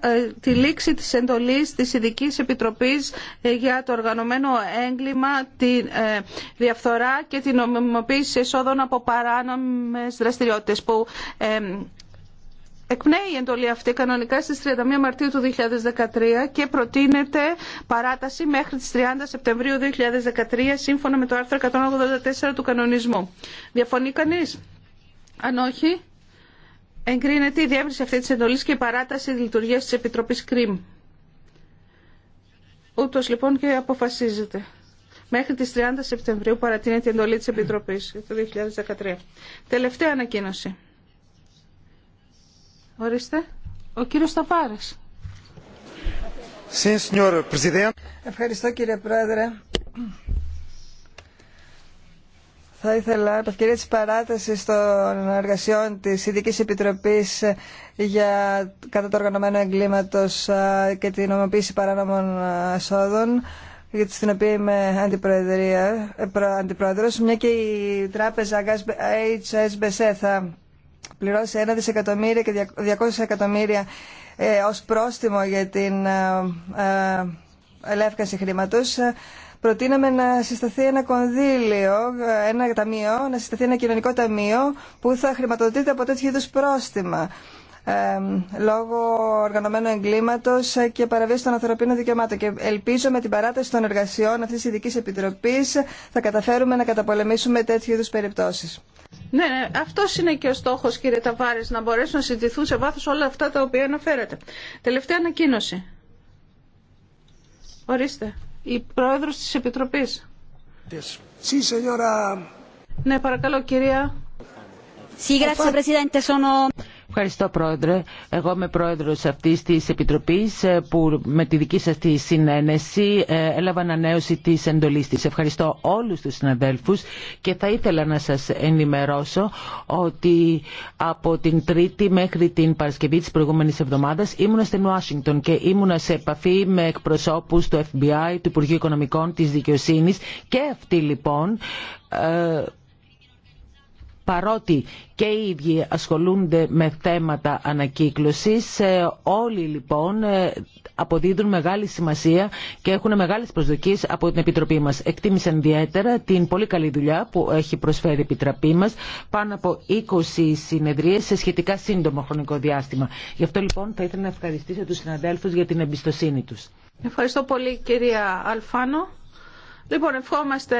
Ε, τη λήξη της εντολής της ειδική Επιτροπής ε, για το οργανωμένο έγκλημα, τη ε, διαφθορά και την νομιμοποίηση εσόδων από παράνομες δραστηριότητες που Εκπνέει η εντολή αυτή κανονικά στις 31 Μαρτίου του 2013 και προτείνεται παράταση μέχρι τις 30 Σεπτεμβρίου 2013 σύμφωνα με το άρθρο 184 του κανονισμού. Διαφωνεί κανείς? Αν όχι, Εγκρίνεται η διεύρυνση αυτή τη εντολή και η παράταση λειτουργία τη της Επιτροπής ΚΡΙΜ. Ούτως λοιπόν και αποφασίζεται. Μέχρι τις 30 Σεπτεμβρίου παρατείνεται η εντολή της Επιτροπής το 2013. Τελευταία ανακοίνωση. Ορίστε. Ο κύριος Σταφάρας. Ευχαριστώ κύριε Πρόεδρε. Θα ήθελα, από ευκαιρία της παράτασης των εργασιών της ειδική Επιτροπής για κατά το οργανωμένο εγκλήματος και την νομοποίηση παράνομων εσόδων, γιατί στην οποία είμαι αντιπροεδρία, ε, αντιπρόεδρος, μια και η τράπεζα HSBC θα πληρώσει 1 δισεκατομμύρια και 200 εκατομμύρια ε, ως πρόστιμο για την ε, ε, ε προτείναμε να συσταθεί ένα κονδύλιο, ένα ταμείο, να συσταθεί ένα κοινωνικό ταμείο που θα χρηματοδοτείται από τέτοιου είδου πρόστιμα λόγω οργανωμένου εγκλήματο και παραβίαση των ανθρωπίνων δικαιωμάτων. Και ελπίζω με την παράταση των εργασιών αυτή τη ειδική επιτροπή θα καταφέρουμε να καταπολεμήσουμε τέτοιου είδου περιπτώσει. Ναι, ναι. αυτό είναι και ο στόχο, κύριε Ταβάρη, να μπορέσουν να συζητηθούν σε βάθο όλα αυτά τα οποία αναφέρατε. Τελευταία ανακοίνωση. Ορίστε η πρόεδρος της Επιτροπής. Sí, ναι, παρακαλώ, κυρία. Sí, gracias, Presidente. Sono... Ευχαριστώ πρόεδρε. Εγώ είμαι πρόεδρος αυτή τη Επιτροπής ε, που με τη δική σας τη συνένεση ε, έλαβα ανανέωση της εντολής της. Ευχαριστώ όλους τους συναδέλφους και θα ήθελα να σας ενημερώσω ότι από την Τρίτη μέχρι την Παρασκευή της προηγούμενης εβδομάδας ήμουνα στην Ουάσιγκτον και ήμουνα σε επαφή με εκπροσώπους του FBI, του Υπουργείου Οικονομικών, της Δικαιοσύνης και αυτοί λοιπόν ε, παρότι και οι ίδιοι ασχολούνται με θέματα ανακύκλωσης, ε, όλοι λοιπόν ε, αποδίδουν μεγάλη σημασία και έχουν μεγάλες προσδοκίες από την Επιτροπή μας. Εκτίμησαν ιδιαίτερα την πολύ καλή δουλειά που έχει προσφέρει η Επιτροπή μας, πάνω από 20 συνεδρίες σε σχετικά σύντομο χρονικό διάστημα. Γι' αυτό λοιπόν θα ήθελα να ευχαριστήσω τους συναδέλφους για την εμπιστοσύνη τους. Ευχαριστώ πολύ κυρία Αλφάνο. Λοιπόν, ευχόμαστε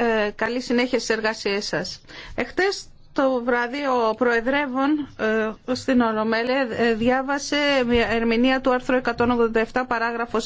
ε, καλή συνέχεια στις εργασίες σας. Εχθές το βράδυ ο Προεδρεύων ε, στην Ολομέλεια ε, διάβασε μια ερμηνεία του άρθρου 187 παράγραφος